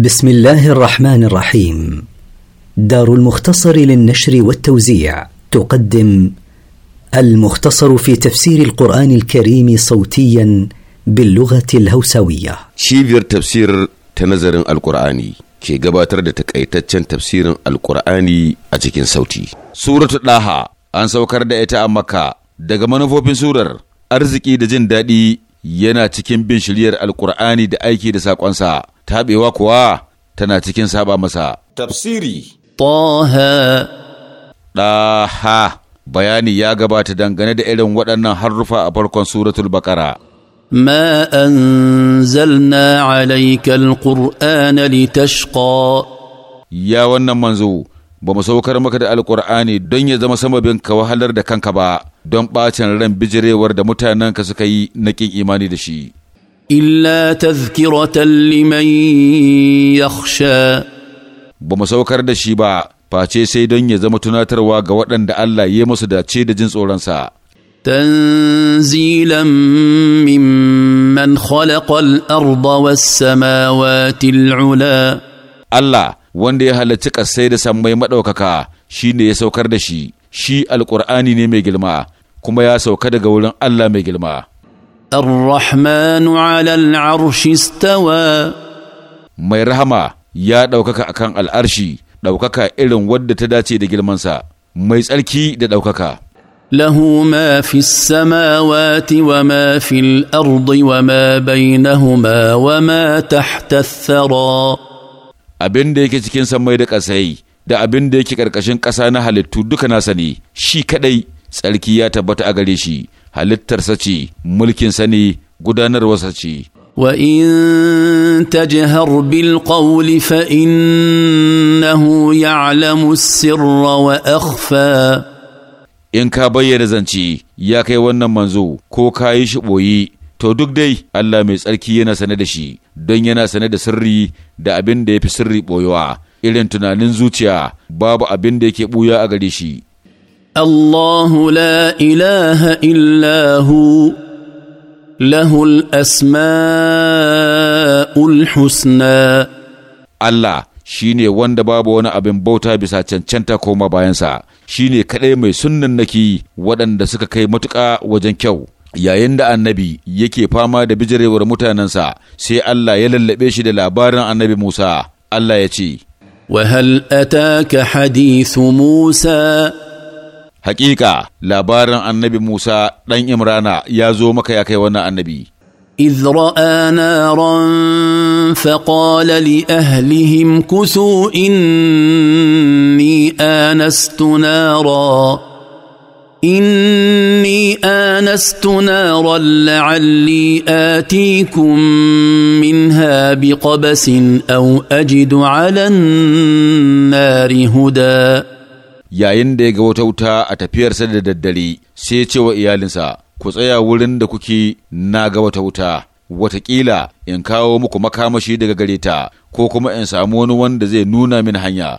بسم الله الرحمن الرحيم دار المختصر للنشر والتوزيع تقدم المختصر في تفسير القرآن الكريم صوتيا باللغة الهوسوية شيفير تفسير تنزر القرآني كي قباتر تكايتتشن تفسير القرآني أتكين صوتي سورة الله أن سوكر دائتا أمكا دقمان فوبين سورة أرزكي دجن دادي ينا تكين بنشلير القرآني دائكي دساق أنساها taɓewa kuwa tana cikin saba masa. Tafsiri Taha Ɗaha bayani ya gabata dangane da irin waɗannan harrufa a farkon suratul bakara. ما أنزلنا عليك القرآن tashko? Ya wannan manzo ba mu saukar maka da alkur'ani don ya zama samabin ka wahalar da kanka ba don ɓacin ran bijirewar da mutanenka suka yi na ƙin imani da shi Illa إلا تذكرة لمن يخشى بمسوكر ba face sai don ya zama tunatarwa ga waɗanda Allah ya musu dace da jin tsoronsa. تنزيلا ممن خلق الأرض والسماوات العلا الله wanda ya halarci ƙasai da sammai maɗaukaka shi ne ya saukar da shi, shi alƙur'ani ne mai girma, kuma ya sauka daga wurin Allah mai girma. الرحمن على العرش استوى mai rahama ya ɗaukaka akan al'arshi ɗaukaka irin wadda ta dace da girmansa mai tsarki da ɗaukaka له ما في السماوات وما في الأرض وما بينهما وما تحت الثرى abin da yake cikin sammai da ƙasai da abin da yake ƙarƙashin ƙasa na halittu duka nasa ne shi kaɗai tsarki ya tabbata a gare shi halittarsa ce mulkin ne gudanarwarsa ce وان تجهر بالقول فانه يعلم sirrawa Akfa? in ka bayyana zance ya kai wannan manzo ko ka yi shi ɓoyi to duk dai Allah mai tsarki yana sane da shi don yana sane da sirri da abin da ya fi sirri ɓoyewa irin tunanin zuciya babu abin da yake ɓuya a gare shi الله لا اله الا هو له الاسماء الحسنى الله shine wanda babu wani abin bauta bisa cancanta koma bayansa shine kaɗai mai sunnan naki waɗanda suka kai matuƙa wajen kyau yayin da annabi yake fama da bijirewar mutanensa sai Allah ya lallaɓe shi da labarin annabi Musa Allah ya ce وهل ataka حديث Musa. Hakika labarin annabi Musa ɗan Imrana ya zo maka ya kai wannan annabi. إذ رأى نارا فقال لأهلهم كثوا إني آنست نارا إني آنست نارا لعلي آتيكم منها بقبس أو أجد على النار هدى yayin da ya ga wata wuta a tafiyarsa da daddare sai ya ce wa iyalinsa ku tsaya wurin da kuke na ga wata wuta watakila in kawo muku makamashi daga gareta, ko kuma in samu wani wanda zai nuna min hanya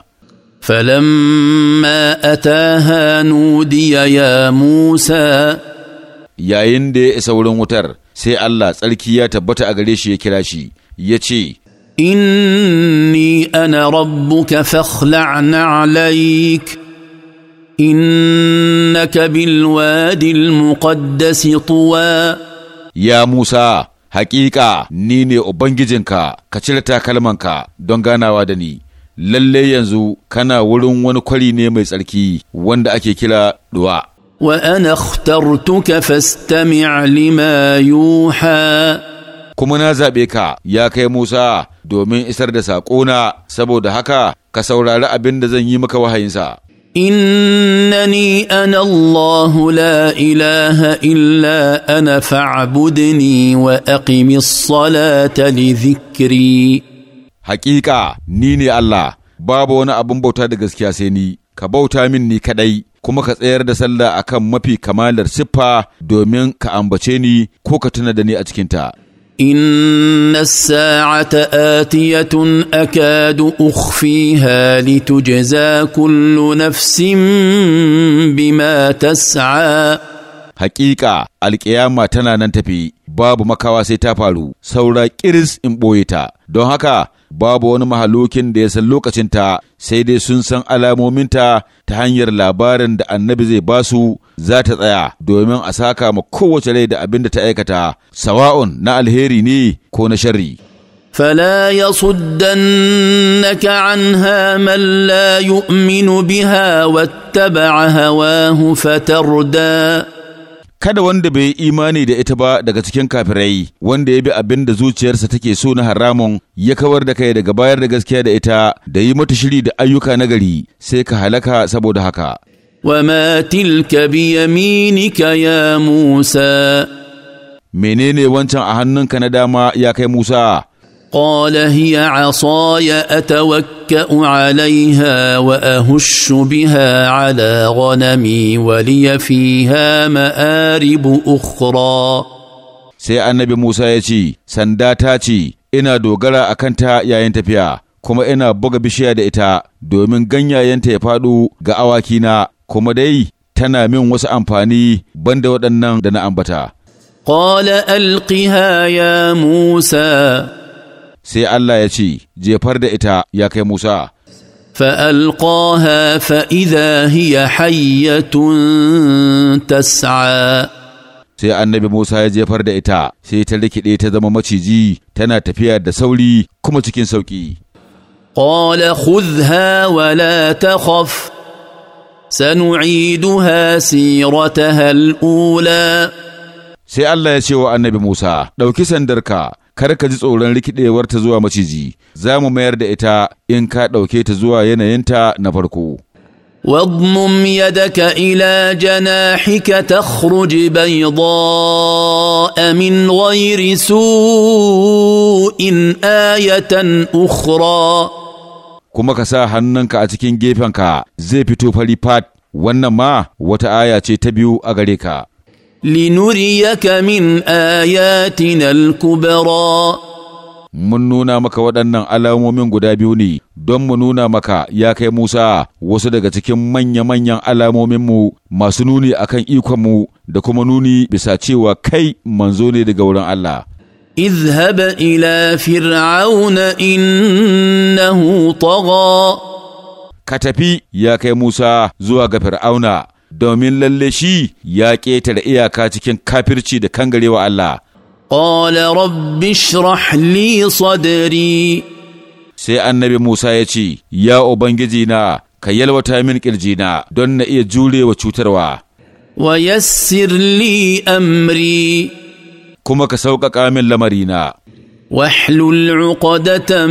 yayin da ya isa wurin wutar sai Allah tsarki ya tabbata a gare shi ya kira shi ya ce inni ana rabbuka fakhla'na alaik إنك بالوادي المقدس طوى يا موسى haƙiƙa ni ne Ubangijinka ka cire takalmanka don ganawa da ni, lalle yanzu kana wurin wani kwari ne mai tsarki wanda ake kira duwa. Wa ana tuka fastami' lima yuha. Kuma na zaɓe ka ya kai Musa domin isar da saƙona saboda haka ka saurari abin da zan yi maka wahayinsa. انني انا الله لا اله wa انا فاعبدني واقم الصلاه لذكري حقيقه نيني الله babu wani abin bauta da gaskiya sai ni ka bauta min ni kaɗai, kuma ka tsayar da sallah akan mafi kamalar siffa domin ka ambace ni ko ka tuna da ni a cikinta ان الساعه اتيه اكاد اخفيها لتجزى كل نفس بما تسعى Haƙiƙa, alƙiyama tana nan tafi babu makawa sai ta faru saura ƙiris in ɓoye ta don haka babu wani mahalokin da ya san lokacinta sai dai sun san alamominta ta hanyar labarin da annabi zai basu za ta tsaya domin a saka ma kowace rai da abin da ta aikata sawa'un na alheri ne ko na sharri. فلا يصدنك عنها من لا يؤمن بها واتبع هواه فتردي kada wanda bai yi imani da ita ba daga cikin kafirai wanda ya bi abin da zuciyarsa take so na haramun ya kawar da kai daga bayar da gaskiya da ita da yi mata shiri da ayyuka nagari sai ka halaka saboda haka tilka bi yaminika ya Musa. menene wancan a hannunka na dama ya kai Musa قال هي عصاي اتوكا عليها واهش بها على غنمي ولي فيها مارب اخرى sai annabi Musa ya ce, Sanda ta ce, Ina dogara a kanta yayin tafiya, kuma ina buga bishiya da ita domin ganyayenta ya faɗo ga awakina, kuma dai tana min wasu amfani banda waɗannan da na ambata. Qala alqiha ya Musa sai Allah ya ce, Jefar da ita ya kai Musa. فألقاها فإذا هي حية تسعى sai annabi Musa ya jefar da ita sai ta rikide ta zama maciji tana tafiya da sauri kuma cikin sauƙi. Kola khudha wa la takhaf sanu'iduha sirataha Sai Allah ya ce wa annabi Musa, ɗauki sandarka kar ka ji tsoron rikidewar ta zuwa maciji, za mu mayar da ita in ka ɗauke ta zuwa yanayinta na farko. واضمم يدك إلى جناحك تخرج بيضاء من غير su'in ayatan ukhra kuma ka sa hannunka a cikin gefenka zai fito fari fat wannan ma wata aya ce ta biyu a gare ka. لنريك من آياتنا الكبرى mun nuna maka waɗannan alamomin guda biyu ne don mu nuna maka ya kai Musa wasu daga cikin manya-manyan alamominmu masu nuni akan ikonmu da kuma nuni bisa cewa kai manzo ne daga wurin Allah. اذهب إلى فرعون إنه طغى ka tafi ya kai Musa zuwa ga Fir'auna domin lalle shi ya ƙetare iyaka cikin kafirci da kangarewa Allah. Ƙola rabbi shrah li sadari. Sai annabi Musa ya ce, Ya Ubangiji na, ka yalwata min ƙirji na don na iya jurewa cutarwa. Wa yassir li amri. Kuma ka sauƙaƙa min lamarina. Wahlul uqdatan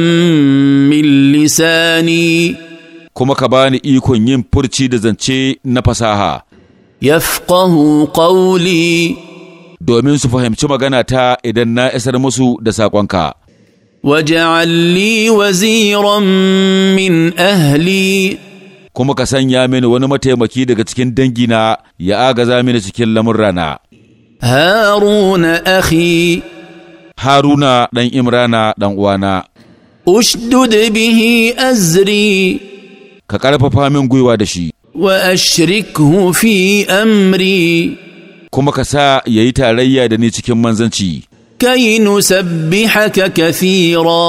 min lisani. kuma ka bani ikon yin furci da zance na fasaha. Yafqahu qawli domin su fahimci magana ta idan na isar musu da saƙonka. Waje li waziran min ahli kuma ka sanya mini wani mataimaki daga cikin dangina ya agaza mini cikin lamurrana. Haruna ahi Haruna ɗan Imrana ɗan uwana. Ushdud bihi azri ka ƙarfafa min gwiwa da shi wa ashrikhu fi amri kuma ka sa ya yi tarayya da ni cikin manzanci kai nusabbihaka kathira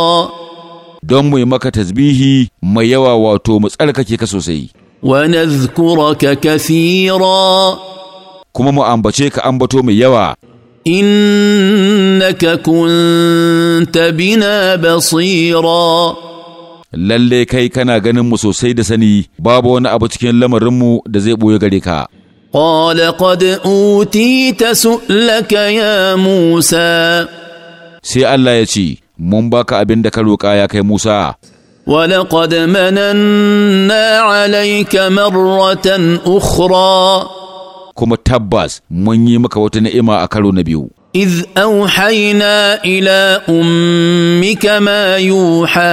don mu yi maka tasbihi mai yawa wato mu tsarkake ka sosai wa nadhkuraka kathira kuma mu ambace ka ambato mai yawa innaka kunta bina basira Lallai kai kana ganin mu sosai da sani babu wani abu cikin lamarinmu da zai ɓoye gare ka. Ƙwale ta su laka ya Musa. Sai Allah ya ce, mun ba ka abin da ka roƙa ya kai Musa. Wane ƙwade manan na alai kamar watan ukura. Kuma tabbas mun yi maka wata na'ima a karo na biyu. Iz an ila ummika kama yuha.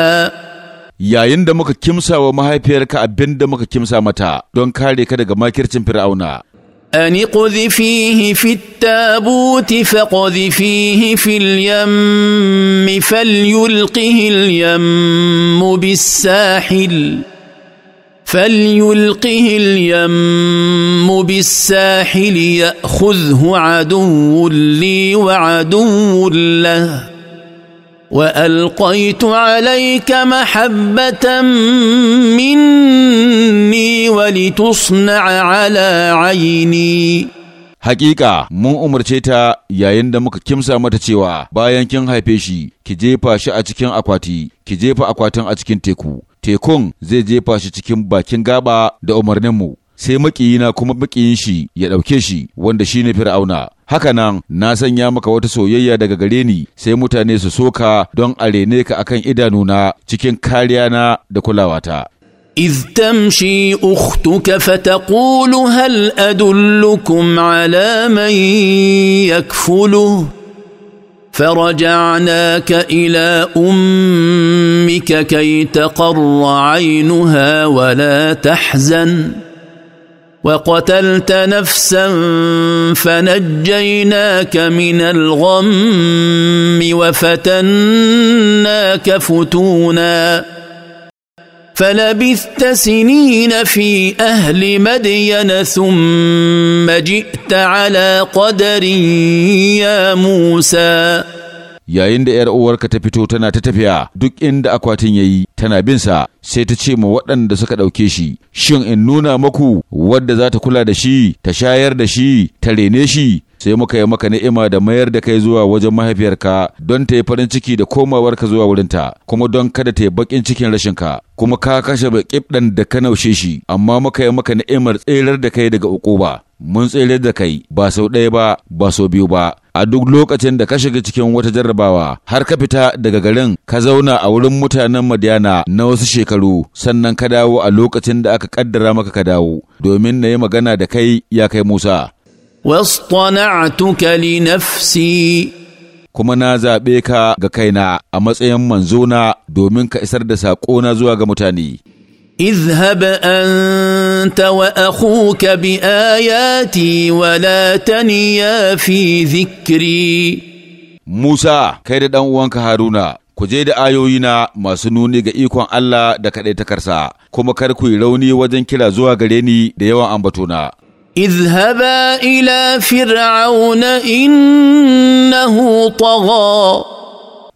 yayin da muka kimsa wa mahaifiyarka abin da muka kimsa mata don kare ka daga makircin fir'auna أن اقذفيه في التابوت فقذفيه في اليم فليلقه اليم بالساحل فليلقه اليم بالساحل ياخذه عدو لي وعدو له والقيت عليك محبه مني ولتصنع على عيني Hakika mun umarce ta yayin da muka kimsa mata cewa bayan kin haife shi ki jefa shi a cikin akwati ki jefa akwatin a cikin teku tekun zai jefa shi cikin bakin gaba da umarninmu sai makiyina kuma makiyin shi ya ɗauke shi wanda shi ne fir'auna haka nan na sanya maka wata soyayya daga gare ni sai mutane su soka don a rene ka akan idanuna cikin kariyana da kulawata إذ تمشي أختك فتقول هل أدلكم على من يكفله فرجعناك إلى أمك كي تقر عينها ولا تحزن وقتلت نفسا فنجيناك من الغم وفتناك فتونا فلبثت سنين في اهل مدين ثم جئت على قدر يا موسى yayin da ‘yar uwarka ta fito tana ta tafiya duk inda akwatin ya yi tana sa, sai ta ce ma waɗanda suka ɗauke shi, shin in nuna maku wadda za ta kula da shi, ta shayar da shi, ta rene shi, sai muka yi maka ni'ima da mayar da kai zuwa wajen mahaifiyarka don ta yi farin ciki da komawarka zuwa wurinta kuma don kada ta yi bakin cikin rashinka kuma ka kashe baƙibɗan da ka naushe shi amma muka yi maka ni'imar tserar da kai daga ukuba mun tsere da kai ba sau ɗaya ba ba sau biyu ba a duk lokacin da ka shiga cikin wata jarrabawa har ka fita daga garin ka zauna a wurin mutanen Madiyana na wasu shekaru sannan ka dawo a lokacin da aka kaddara maka ka dawo domin na yi magana da kai ya kai Musa. kuma na zaɓe ka ga kaina a matsayin manzona domin ka isar da saƙona zuwa ga mutane. اذهب انت واخوك باياتي ولا تنيا في ذكري موسى kai da ɗan'uwanka Haruna ku je da ayoyina masu nuni ga ikon Allah da kaɗaitakarsa kuma kar ku yi rauni wajen kira zuwa gare ni da yawan ambatona اذهبا ila fir'auna innahu طغى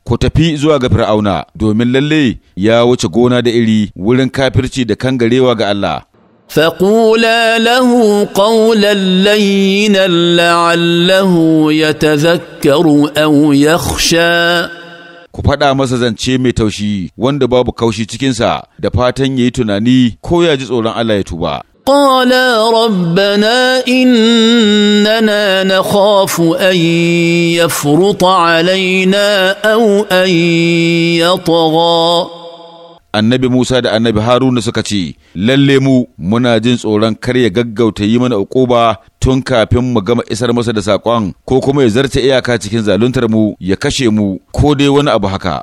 ku tafi zuwa ga fir'auna domin lalle ya wuce gona da iri wurin kafirci da kangarewa ga Allah فقولا له قولا لينا لعله يتذكر او يخشى ku faɗa masa zance mai taushi wanda babu kaushi cikinsa da fatan ya yi tunani ko ya ji tsoron Allah ya tuba قالا ربنا اننا نخاف ان يفرط علينا او ان يطغى annabi Musa da annabi Haruna suka ce, Lalle mu muna jin tsoron kar ya gaggauta yi mana uquba tun kafin mu gama isar masa da saƙon ko kuma ya zarce iyaka cikin zaluntar mu ya kashe mu ko dai wani abu haka.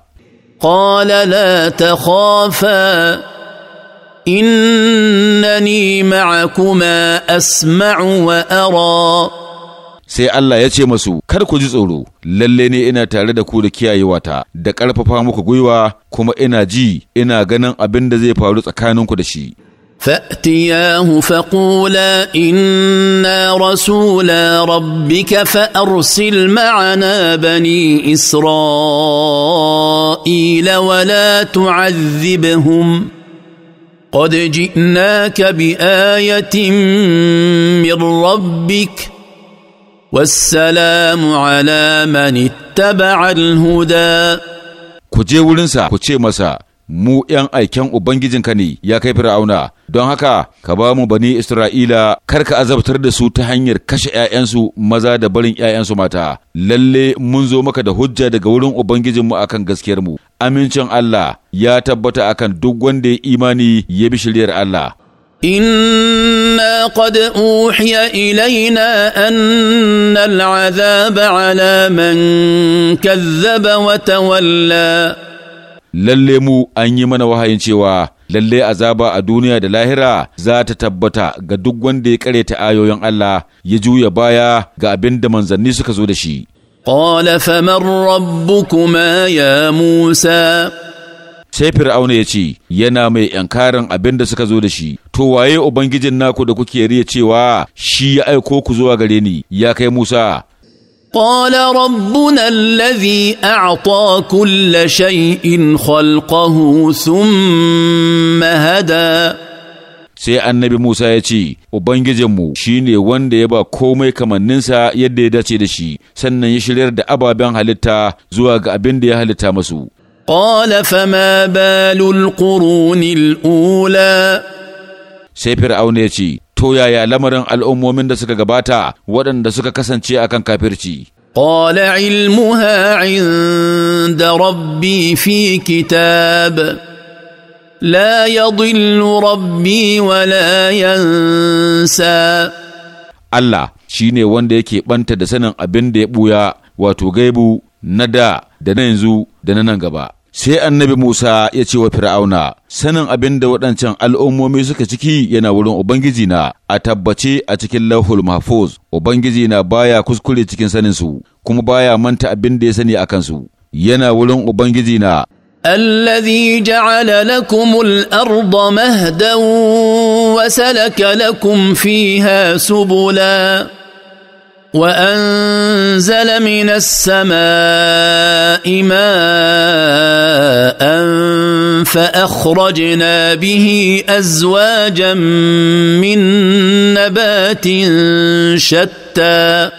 Qala la kofa. innani معكما asma'u wa sai Allah ya ce masu kar ku ji tsoro lalle ne ina tare da ku da kiyayewata da ƙarfafa muku gwiwa kuma ina ji ina ganin abin da zai faru tsakaninku da shi فاتياه فقولا انا رسولا ربك فارسل معنا بني اسرائيل ولا تعذبهم قد جئناك بايه من ربك والسلام على من اتبع الهدى mu ’yan aiken Ubangijinka ne, ya kai Fir'auna, don haka ka ba mu bani Isra'ila kar ka azabtar da su ta hanyar kashe ’ya'yansu maza da barin ’ya'yansu mata, lalle mun zo maka da hujja daga wurin Ubangijinmu a kan gaskiyarmu, amincin Allah ya tabbata kan duk wanda ya imani ya bi shiryar Allah. انا قد ilaina الينا ان العذاب على من كذب وتولى lalle mu an yi mana wahayin cewa lalle azaba a duniya da lahira za ta tabbata ga duk wanda ya ta ayoyin Allah ya juya baya ga abin da manzanni suka zo da shi. قال فمن ربكما ya Musa. sai fir'auna ya ce yana mai yankarin abin da suka zo da shi to waye ubangijin naku da kuke riya cewa shi ya aiko ku zuwa gare ni ya kai musa قال ربنا الذي اعطى كل شيء خلقه ثم هدى sai annabi Musa ya ce, Ubangijinmu shi ne wanda ya ba komai kamanninsa yadda ya dace da shi, sannan ya shiryar da ababen halitta zuwa ga abin da ya halitta masu. Ƙala fama balul ƙurunil ula. Sai Fir'auna ya ce, to yaya lamarin al'ummomin da suka gabata waɗanda suka kasance a kan kafirci قال علمها عند ربي في كتاب rabbi wa la yansa. Allah shi ne wanda yake ɓanta da sanin abin da ya ɓuya wato gaibu na da da na yanzu da na nan gaba sai annabi Musa ya ce wa Fir'auna, sanin abin da waɗancan al'ummomi suka ciki yana wurin Ubangiji na a tabbace a cikin Lauhul mahfuz, Ubangiji na baya kuskure cikin sanin su kuma baya manta abin da ya sani akan su yana wurin Ubangiji na. الذي جعل لكم الأرض مهدا وسلك لكم فيها سبلاً وانزل من السماء ماء فاخرجنا به ازواجا من نبات شتى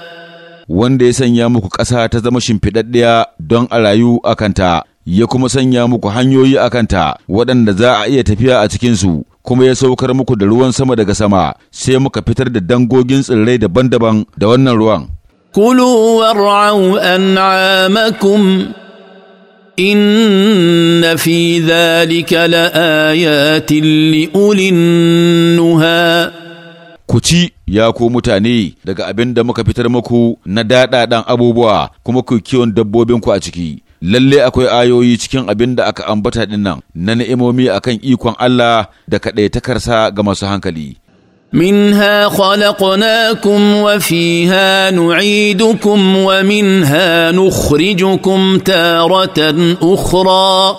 wanda ya sanya muku ƙasa ta zama shimfiɗaɗɗiya don a rayu a kanta ya kuma sanya muku hanyoyi a kanta waɗanda za a iya tafiya a cikinsu kuma ya saukar muku da ruwan sama daga sama sai muka fitar da dangogin tsirrai daban-daban da wannan ruwan. Kulu war'au an'amakum إن fi ذلك la'ayatin لأولي nuha. ku ci ya ku mutane daga abin da muka fitar muku na daɗaɗan abubuwa kuma ku kiwon dabbobinku a ciki lalle akwai ayoyi cikin abin da aka ambata dinnan na ni'imomi akan ikon Allah da kaɗaitakarsa ga masu hankali. منها خلقناكم وفيها نعيدكم ومنها نخرجكم تارة أخرى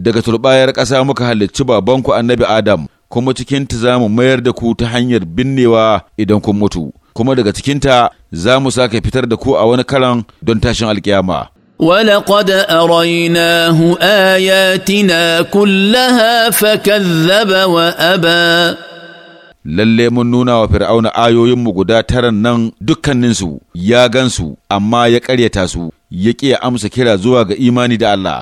daga turbayar ƙasa muka halarci babanku annabi Adam kuma cikinta za mu mayar da ku ta hanyar binnewa idan kun mutu kuma daga cikinta za mu sake fitar da ku a wani karan don tashin alkiyama. ولقد اريناه اياتنا كلها فكذب وابى lalle mun nuna wa fir'auna ayoyin mu guda taran nan dukkaninsu ya gansu amma ya karyata su ya ƙi amsa kira zuwa ga imani da Allah.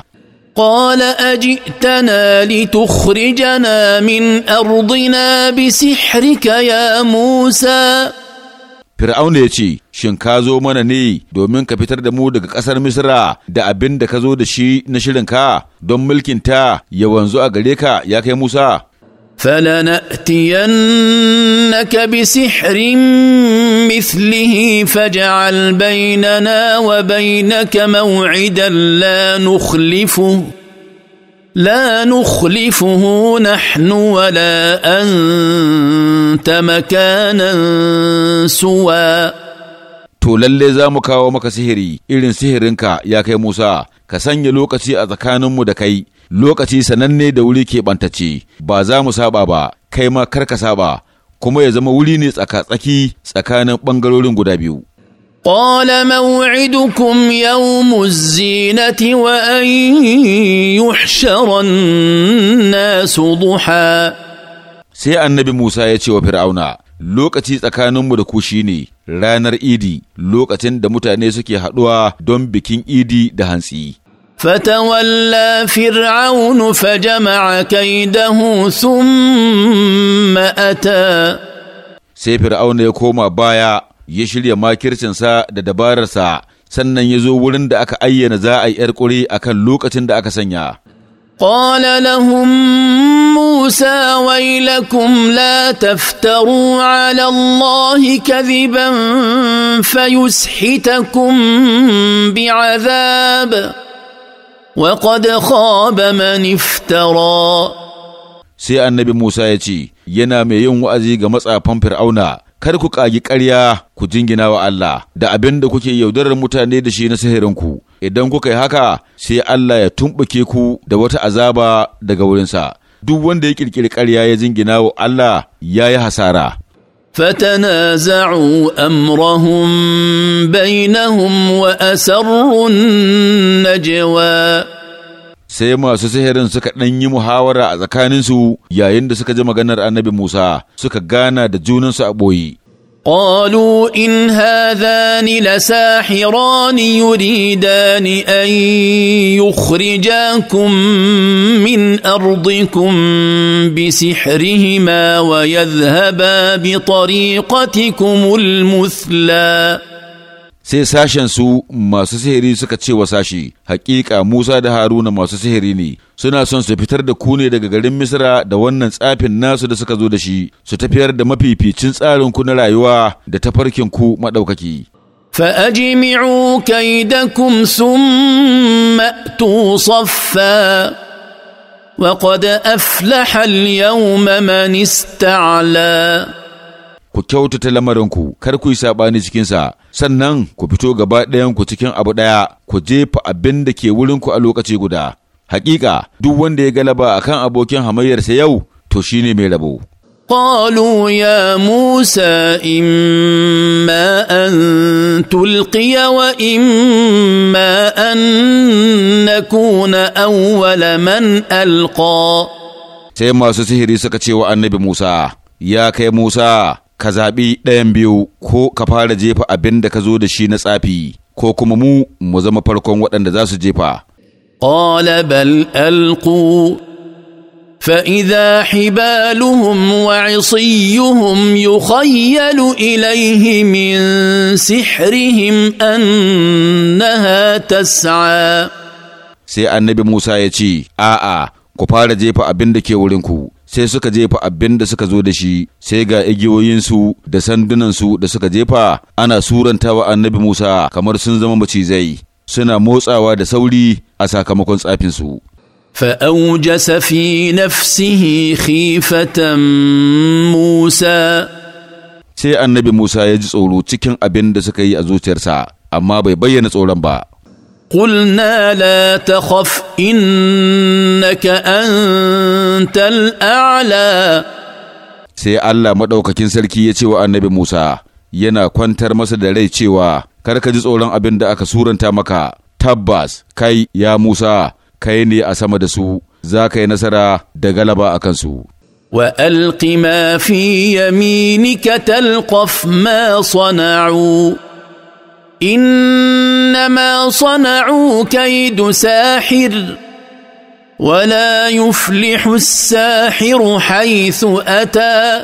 Ƙola aji tana litukhrijana min ardina bi sihrika Musa. Fir'auna ya ce, shin ka zo mana ne domin ka fitar da mu daga ƙasar Misra da abin da ka zo da shi na shirinka don mulkin ta ya wanzu a gare ka ya kai Musa? فلنأتينك بسحر مثله فاجعل بيننا وبينك موعدا لا نخلفه لا نخلفه نحن ولا أنت مكانا سوى to lalle za mu kawo maka sihiri irin sihirinka ya kai Musa, ka sanya lokaci a tsakaninmu da kai, lokaci sananne da wuri ke keɓantace, ba za mu saba ba, kai ma karka ka saba, kuma ya zama wuri ne tsaka-tsaki tsakanin ɓangarorin guda biyu. قال موعدكم يوم الزينة وأن يحشر الناس ضحى sai annabi Musa ya ce wa Fir'auna lokaci tsakaninmu da ku shine ranar idi lokacin da mutane suke haɗuwa don bikin idi da hantsi. fa jama'a kai da ثم أتى sai fir'auna ya koma baya ya shirya makircinsa da dabararsa sannan ya zo wurin da aka ayyana za a yi 'yar ƙuri a kan lokacin da aka sanya قال لهم موسى ويلكم لا تفتروا على الله كذبا فيسحتكم بعذاب وقد خاب من افترى sai annabi Musa ya ce, Yana mai yin wa'azi ga matsafan Fir'auna, kar ku ƙagi ƙarya ku jingina wa Allah da abin da kuke yaudarar mutane da shi na sihirinku. idan kuka yi haka sai Allah ya tumɓuke ku da wata azaba daga wurinsa duk wanda ya ƙirƙiri ƙarya ya jingina wa Allah ya yi hasara فتنازعوا امرهم بينهم واسروا النجوى sai masu sihirin suka ɗan yi muhawara a tsakaninsu yayin da suka ji maganar annabi Musa suka gana da junansu a ɓoye. قالوا ان هذان لساحران يريدان ان يخرجاكم من ارضكم بسحرهما ويذهبا بطريقتكم المثلي sai sashen su, masu sihiri suka ce wa sashi, Hakika Musa da Haruna masu sihiri ne, suna son su fitar da ku ne daga garin Misra da wannan tsafin nasu da suka zo da shi, su tafiyar da mafificin tsarin ku na rayuwa da tafarkin ku maɗaukaki. فأجمعوا كيدكم ثم أتوا صفا وقد أفلح اليوم من استعلى ku kyautata lamarinku kar ku yi saɓani cikinsa sannan ku fito gaba ku cikin abu ɗaya ku jefa abin da ke wurinku a lokaci guda hakika duk wanda ya galaba a kan abokin hamayyarsa yau to shi ne mai rabo قالوا يا موسى إما أن تلقي وإما أن نكون أول من ألقى sai masu sihiri suka ce wa annabi Musa, Ya kai Musa, ka zaɓi ɗayan biyu ko ka fara jefa abin da ka zo da shi na tsafi ko kuma mu mu zama farkon waɗanda za su jefa. قال بل ألقوا فإذا حبالهم وعصيهم يخيل إليه من سحرهم ta تسعى sai annabi Musa ya ce, A'a, ku fara jefa abin da ke wurinku, sai suka jefa abin da suka zo da shi sai ga igiyoyinsu da sandunansu da suka jefa ana surantawa annabi Musa kamar sun zama macizai suna motsawa da sauri a sakamakon tsafinsu. فأوجس في نفسه خيفة موسى sai annabi Musa ya ji tsoro cikin abin da suka yi a zuciyarsa amma bai bayyana tsoron ba قلنا لا تخف إنك antal ala. sai Allah maɗaukakin sarki ya ce wa annabi Musa yana kwantar masa da rai cewa kar ka ji tsoron abin da aka suranta maka tabbas kai ya Musa kai ne a sama da su za ka yi nasara da galaba a kansu وألق ما في يمينك تلقف ما صنعوا انما صنعوا كيد ساحر ولا يفلح الساحر حيث اتى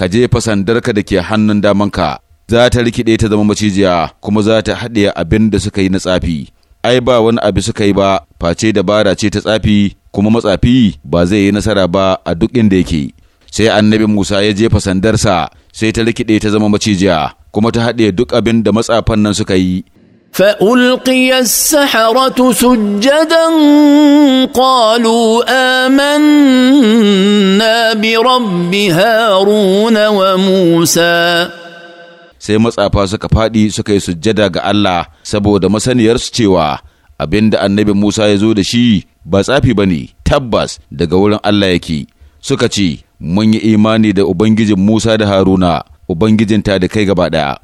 ka jefa sandarka da ke hannun damanka za ta rikide ta zama macijiya kuma za ta haɗe abin da suka yi na tsafi ai ba wani abu suka yi ba face dabara ce ta tsafi kuma matsafi ba zai yi nasara ba a duk inda yake sai annabi Musa ya jefa sandarsa sai ta rikide ta zama macijiya kuma ta haɗe duk abin da matsafan nan suka yi. فألقي السحرة سجدا قالوا آمنا برب هارون وموسى sai matsafa suka faɗi suka yi sujjada ga Allah saboda masaniyarsu cewa abin da annabi Musa ya zo da shi ba tsafi ba ne tabbas daga wurin Allah yake suka ce mun yi imani da Ubangijin Musa da Haruna Ubangijin da kai gaba ɗaya.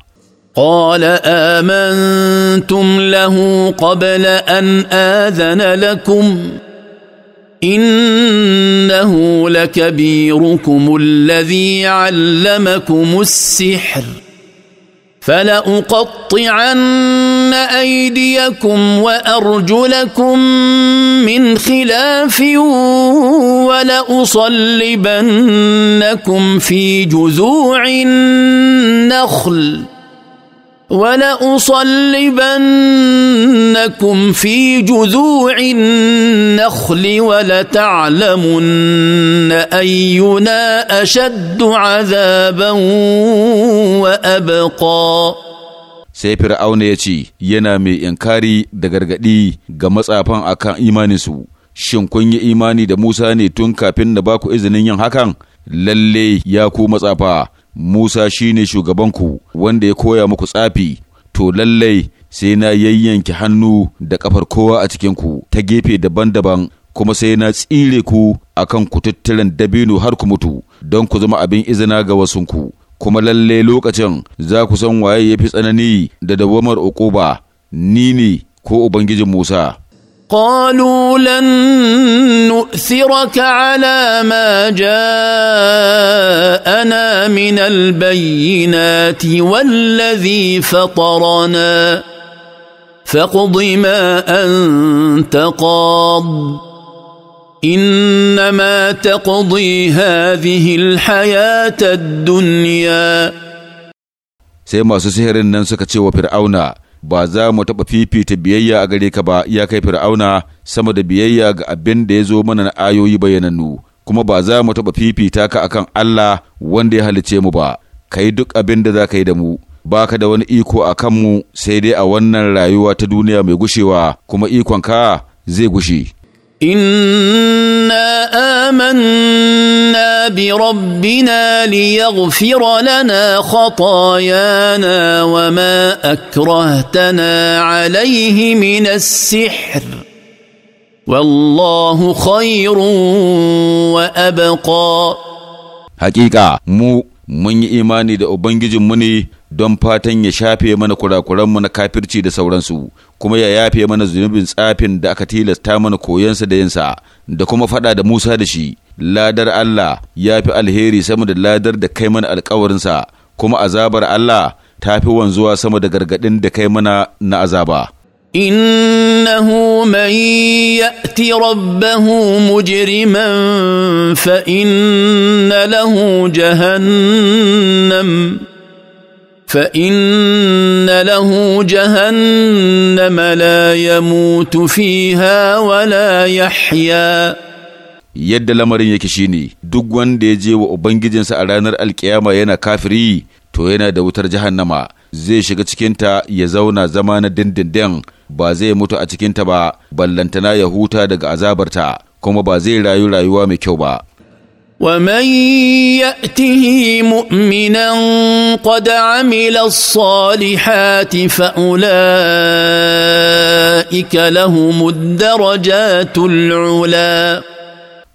قال آمنتم له قبل أن آذن لكم إنه لكبيركم الذي علمكم السحر فلأقطعن ايديكم وارجلكم من خلاف ولاصلبنكم في جذوع النخل ولأصلبنكم في جذوع النخل ولتعلمن أينا أشد عذابا وأبقى sai fir'auna ya ce yana mai inkari da gargaɗi ga matsafan akan imaninsu shin kun yi imani da Musa ne tun kafin na baku izinin yin hakan lalle ya ku matsafa Musa shine shugabanku wanda ya koya muku tsafi to lalle sai na yayyanke hannu da kafar kowa a cikinku ta gefe daban-daban kuma sai na tsire ku akan ku tattalin dabino har ku mutu don ku zama abin izina ga wasunku kuma lalle lokacin za ku san waye ya fi tsanani da dawamar uquba ni ne ko ubangijin Musa قالوا لن نؤثرك على ما جاءنا من البينات والذي فطرنا فاقض ما انت قاض انما تقضي هذه الحياه الدنيا sai masu sihirin nan suka ce wa fir'auna ba za mu taɓa fifita biyayya a gare ka ba ya kai fir'auna sama da biyayya ga abin da ya zo mana na ayoyi bayyanannu kuma ba za mu taɓa fifita ka akan Allah wanda ya halicce mu ba ka yi duk abin da za ka yi da mu ba ka da wani iko a kanmu sai dai a wannan rayuwa ta duniya mai gushewa kuma ikon ka zai gushe انا امنا بربنا ليغفر لنا خطايانا وما اكرهتنا عليه من السحر والله خير وابقى حقيقه مو mun yi imani da Ubangijinmu ne don fatan ya shafe mana kurakuranmu na kafirci da sauransu. kuma ya yafe mana zunubin tsafin da aka tilasta mana koyansa da yinsa da kuma faɗa da Musa da shi ladar Allah ya fi alheri sama da ladar da kai mana alkawarinsa kuma azabar Allah ta fi wanzuwa sama da gargaɗin da kai mana na azaba. انه من يات ربه مجرما فان له جهنم فان له جهنم لا يموت فيها ولا يحيا yadda lamarin yake shine duk wanda ya je wa ubangijinsa a ranar alkiyama yana kafiri to yana da wutar jahannama zai shiga cikinta ya zauna zama na dindindin ba zai mutu a cikinta ba ballantana ya huta daga azabarta kuma ba zai rayu rayuwa mai kyau ba ومن ياته مؤمنا قد عمل الصالحات فاولئك لهم الدرجات العلى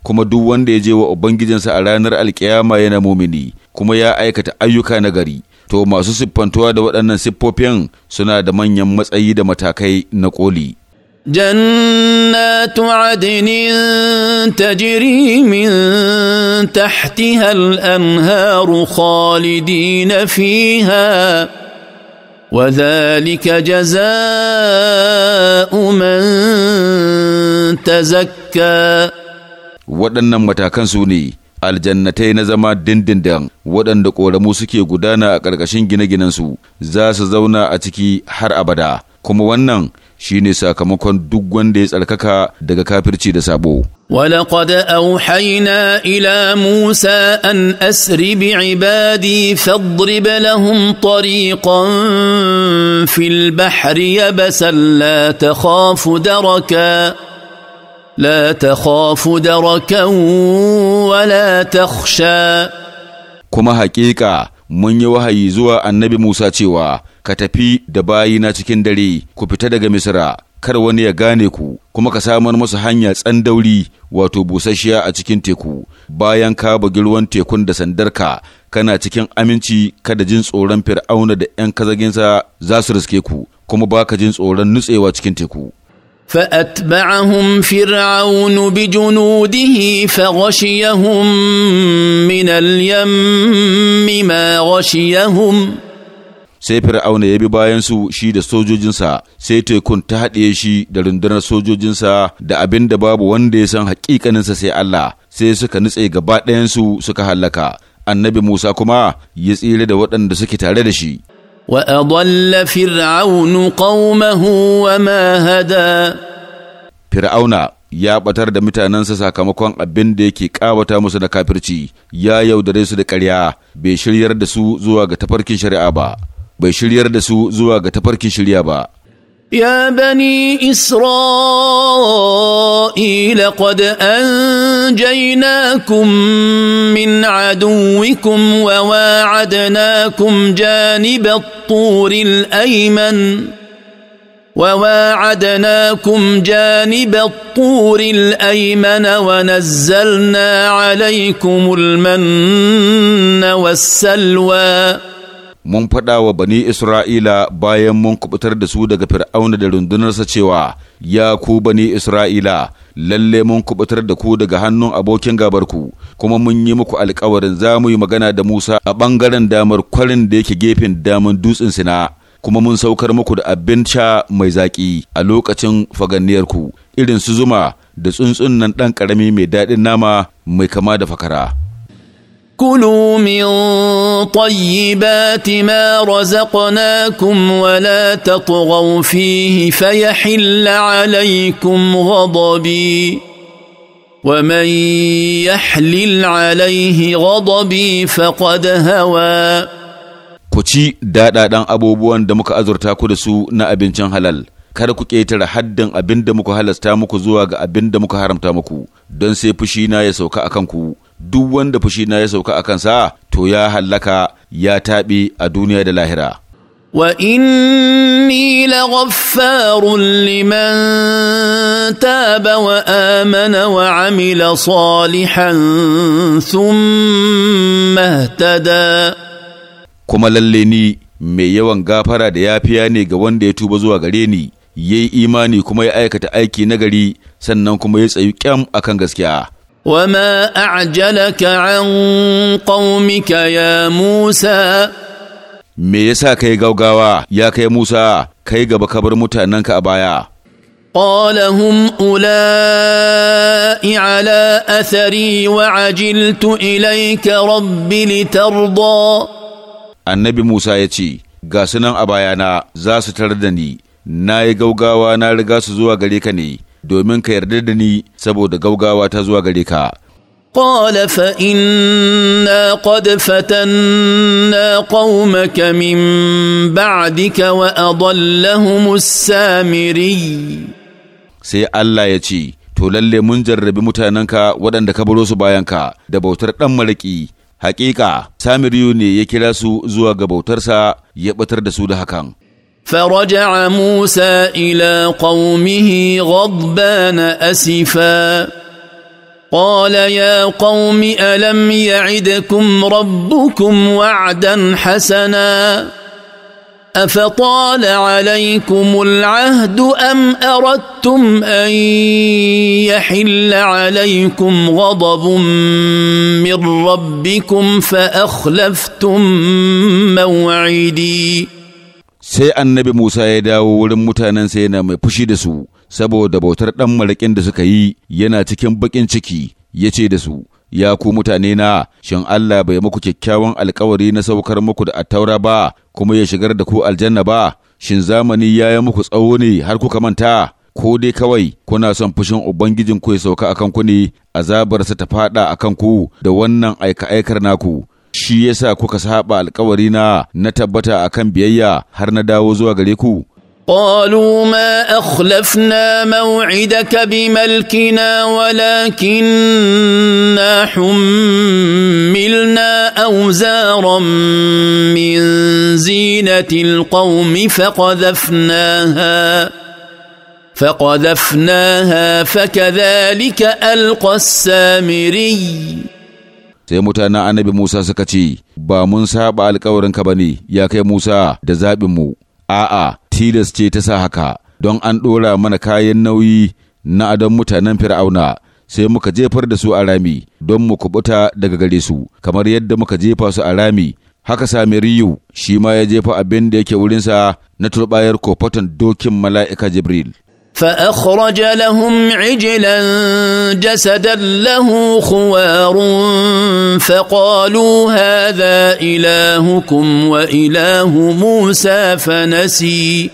kuma duk wanda ya je wa ubangijinsa a ranar alkiyama yana mumini kuma ya aikata ayyuka na gari to masu siffantuwa da waɗannan siffofin suna da manyan matsayi da matakai na ƙoli جنات عدن تجري من تحتها الانهار خالدين فيها وذلك جزاء من تزكى waɗannan matakan su ne aljannatai na zama dindindin waɗanda ƙoramu suke gudana a ƙarƙashin gine-ginensu za su zauna a ciki har abada kuma wannan shine sakamakon duk wanda ya tsarkaka daga kafirci da sabo ولقد أوحينا إلى موسى أن أسر بعبادي فاضرب لهم طريقا في البحر يبسا لا تخاف دركا لا تخاف دركا ولا تخشى كما حقيقة mun yi wahayi zuwa annabi Musa cewa ka tafi da bayina cikin dare ku fita daga misira kar wani ya gane ku kuma ka samar musu hanya tsandauri wato busasshiya a cikin teku bayan ka bugi ruwan tekun da sandarka kana cikin aminci kada jin tsoron fir'auna da 'yan kazaginsa za su riske ku kuma baka jin tsoron nutsewa cikin teku فأتبعهم فرعون بجنوده فغشيهم من اليم ما غشيهم sai fir'auna ya bi bayansu shi da sojojinsa sai tekun ta haɗiye shi da rundunar sojojinsa da abin da babu wanda ya san haƙiƙaninsa sai Allah sai suka nutse gaba ɗayansu suka hallaka annabi Musa kuma ya tsira da waɗanda suke tare da shi وأضل فرعون قومه وما Fir'auna ya ɓatar da mutanensa sakamakon abin da yake ƙawata musu da kafirci, ya yaudare su da ƙarya, bai shiryar da su zuwa ga tafarkin shari'a ba. bai shiryar da su zuwa ga tafarkin shirya ba. يا بني إسرائيل قد أنجيناكم من عدوكم وواعدناكم جانب الطور الأيمن وواعدناكم جانب الطور الأيمن ونزلنا عليكم المن والسلوى mun faɗa wa bani Isra'ila bayan mun kubutar da su daga fir'auna da rundunarsa cewa, Ya ku bani Isra'ila, lalle mun kubutar da ku daga hannun abokin gabarku, kuma mun yi muku alkawarin za mu yi magana da Musa a ɓangaren damar kwarin da yake gefen damar dutsen Sina. Kuma mun saukar muku da abin sha mai zaƙi a lokacin faganniyar ku, irin su zuma da tsuntsun nan ɗan ƙarami mai daɗin nama mai kama da fakara. كلوا من طيبات ما رزقناكم ولا تطغوا فيه فيحل عليكم غضبي ومن يحلل عليه غضبي فقد هوى ku ci daɗaɗan abubuwan da muka azurta ku da su na abincin halal kada ku ƙetare haddin abin da muka halasta muku zuwa ga abin da muka haramta muku don sai fushina ya sauka a kanku duk wanda fushi na ya sauka a kansa to ya hallaka ya taɓe a duniya da lahira واني لغفار لمن amana wa وعمل صالحا ثم اهتدى kuma lalle ni mai yawan gafara da yafiya ne ga wanda ya tuba zuwa gare ni ya yi imani kuma ya aikata aiki nagari sannan kuma ya tsayi kyam a kan gaskiya. Wama a ajalaka an ƙaumika ya Musa? Me ya sa ka gaugawa ya kai Musa kai gaba kabar mutanenka a baya? Ƙolahun ula ala asari wa ajiltu ilaika rabbi litardo. Annabi Musa ya ce, Ga sunan a bayana za su tar da ni. na yi gaugawa na riga su zuwa gare ka ne, domin ka yarda da ni saboda gaugawa ta zuwa gare ka. قال فإنا قد فتنا قومك من بعدك وأضلهم السامري sai Allah ya ce, To lallai mun jarrabi mutanenka waɗanda ka baro su bayanka da bautar ɗan mariki, Haƙiƙa, Samiru ne ya kira su zuwa ga bautarsa ya ɓatar da su da hakan. فرجع موسى الى قومه غضبان اسفا قال يا قوم الم يعدكم ربكم وعدا حسنا افطال عليكم العهد ام اردتم ان يحل عليكم غضب من ربكم فاخلفتم موعدي sai annabi Musa ya dawo wurin mutanensa yana mai fushi da su, saboda bautar ɗan malakin da suka yi yana cikin baƙin ciki, ya ce da su, Ya ku mutane na, shin Allah bai muku kyakkyawan alkawari na saukar muku da attaura ba, kuma ya shigar da ku aljanna ba, shin zamani ya yi muku tsawo ne har kuka manta, ko dai kawai kuna son fushin Ubangijin ku ya sauka a kanku ne, azabarsa ta faɗa akan ku da wannan aika-aikar naku, shi yasa kuka saba alkawari na na tabbata akan biyayya har na dawo zuwa gare ku قالوا ما اخلفنا موعدك بملكنا ولكننا حملنا اوزارا من زينه القوم فقذفناها فقذفناها فكذلك القى السامري sai mutanen annabi Musa suka ce, Ba mun saba alkawarinka ba ne, ya kai Musa da mu. a'a, tilas ce ta sa haka, don an ɗora mana kayan nauyi na adon mutanen Fir'auna, sai muka jefar da su a rami don mu kubuta daga gare su, kamar yadda muka jefa su a rami. Haka Samiriyu shi ma ya jefa abin da yake wurinsa na turbayar kofatan dokin mala'ika Jibril. فأخرج لهم عجلا جسدا له خوار فقالوا هذا إلهكم وإله موسى فنسي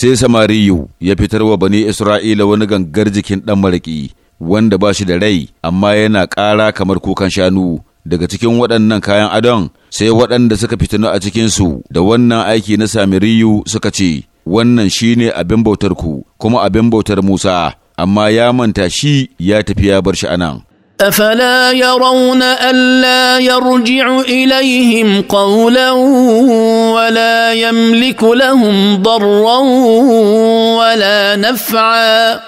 sai Samariyu ya fitar wa bani Isra'ila wani gangar jikin ɗan maraƙi wanda ba shi da rai amma yana ƙara kamar kukan shanu daga cikin waɗannan kayan adon sai waɗanda suka fitinu a cikinsu da wannan aiki na Samiriyu suka ce wannan shine abin bautar ku kuma abin bautar Musa amma ya manta shi ya tafi ya bar shi anan أفلا يرون ألا يرجع إليهم قولا ولا يملك لهم ضرا ولا نفعا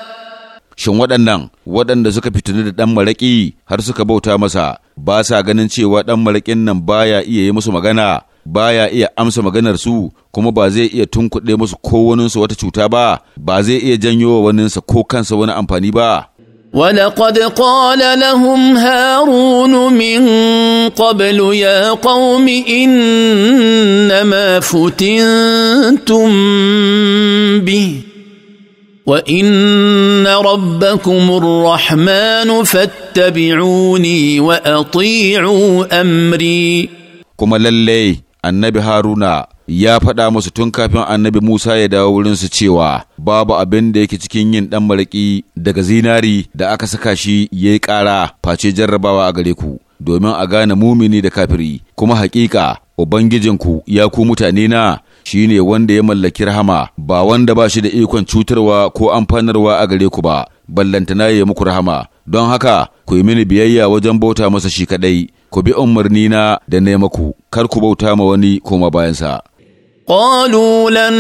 Shin waɗannan waɗanda suka fitini da ɗan maraƙi har suka bauta masa ba sa ganin cewa ɗan maraƙin nan baya iya yi musu magana baya iya amsa maganar su kuma ba zai iya tunkuɗe musu ko waninsu wata cuta ba ba zai iya janyo wa waninsa ko kansa wani amfani ba ولقد قال لهم هارون من قبل يا قوم انما فتنتم به وان ربكم الرحمن فاتبعوني واطيعوا amri. كما للي annabi Haruna ya faɗa musu tun kafin annabi Musa ya dawo wurinsu cewa babu abin da yake cikin yin ɗan maraƙi daga zinari da aka saka shi ya yi ƙara face jarrabawa a gare ku domin a gane mumini da kafiri kuma haƙiƙa Ubangijinku ya ku mutane na shi ne wanda ya mallaki rahama ba wanda ba shi da ikon cutarwa ko amfanarwa a gare ku ba ballantana ya muku rahama don haka ku yi mini biyayya wajen bauta masa shi kaɗai ku bi umarnina da na maku kar ku bauta ma wani koma bayansa قالوا لن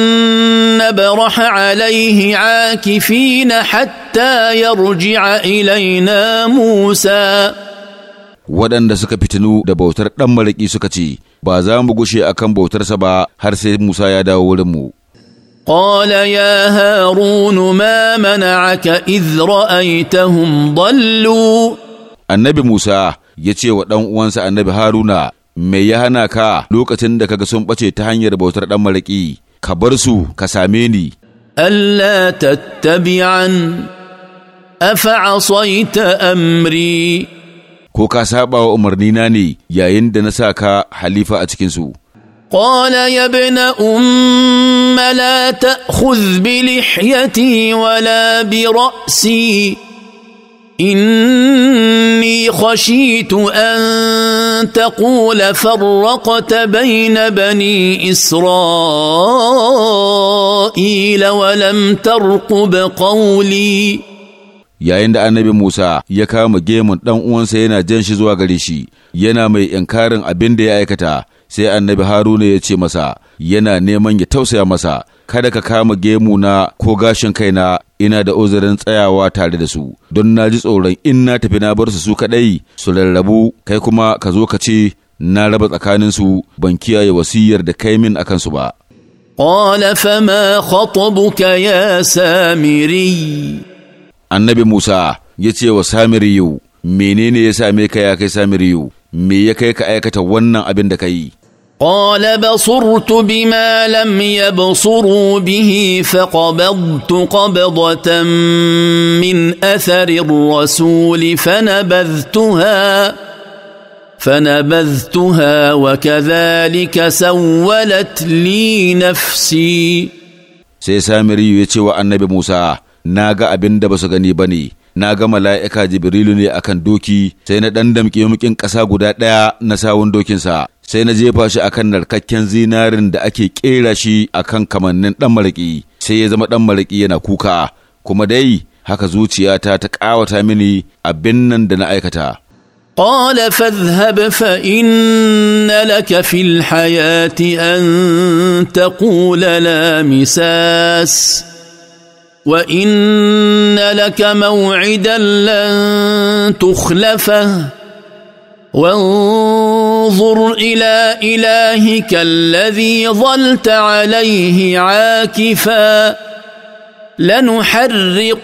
نبرح عليه عاكفين حتى يرجع إلينا موسى waɗanda suka fitinu da bautar ɗan maraƙi suka ce ba za mu gushe akan bautarsa ba har sai Musa ya dawo wurinmu. قال يا هارون ما منعك إذ رأيتهم ضلوا النبي موسى ya ce wa ɗan uwansa annabi haruna me ya hana ka lokacin da kaga sun ɓace ta hanyar bautar ɗan maraƙi ka bar su ka same ni Allah tattabi'an afa'asaita amri ko ka saba wa na ne yayin da na sa ka halifa a cikinsu قال يا ابن أم لا تأخذ بلحيتي ولا برأسي اني خشيت ان تقول فرقت بين بني اسرائيل ولم ترقب قولي yayin da annabi Musa ya kama gemun ɗan uwansa yana jan shi zuwa gare shi yana mai inkarin abin da ya aikata sai annabi Haruna ya ce masa yana neman ya tausaya masa kada ka kama gemu na ko gashin kai na ina da uzurin tsayawa tare da su don na ji tsoron in na tafi na bar su su kaɗai su rarrabu kai kuma ka zo ka ce na raba tsakanin su ban kiyaye wasiyar da kai min akan su ba. قال فما خطبك يا سامري annabi Musa ya ce wa Samiriyu, menene ya same ka ya kai Samiriyu, me ya kai ka aikata wannan abin da ka yi? قال بصرت بما لم يبصروا به فقبضت قبضه من اثر الرسول فنبذتها فنبذتها وكذلك سولت لي نفسي سيسامري samiri النبي موسى ناقا annabi musa بني na ga mala'ika Jibrilu ne akan doki sai na ɗan damƙe mukin ƙasa guda ɗaya na sawun dokinsa sai na jefa shi akan narkakken zinarin da ake ƙera shi akan kamannin ɗan maraƙi sai ya zama ɗan maraƙi yana kuka kuma dai haka zuciyata ta ƙawata mini abin nan da na aikata. قال فاذهب فإن لك في الحياة أن تقول لا مساس وان لك موعدا لن تخلفه وانظر الى الهك الذي ظلت عليه عاكفا لنحرقنه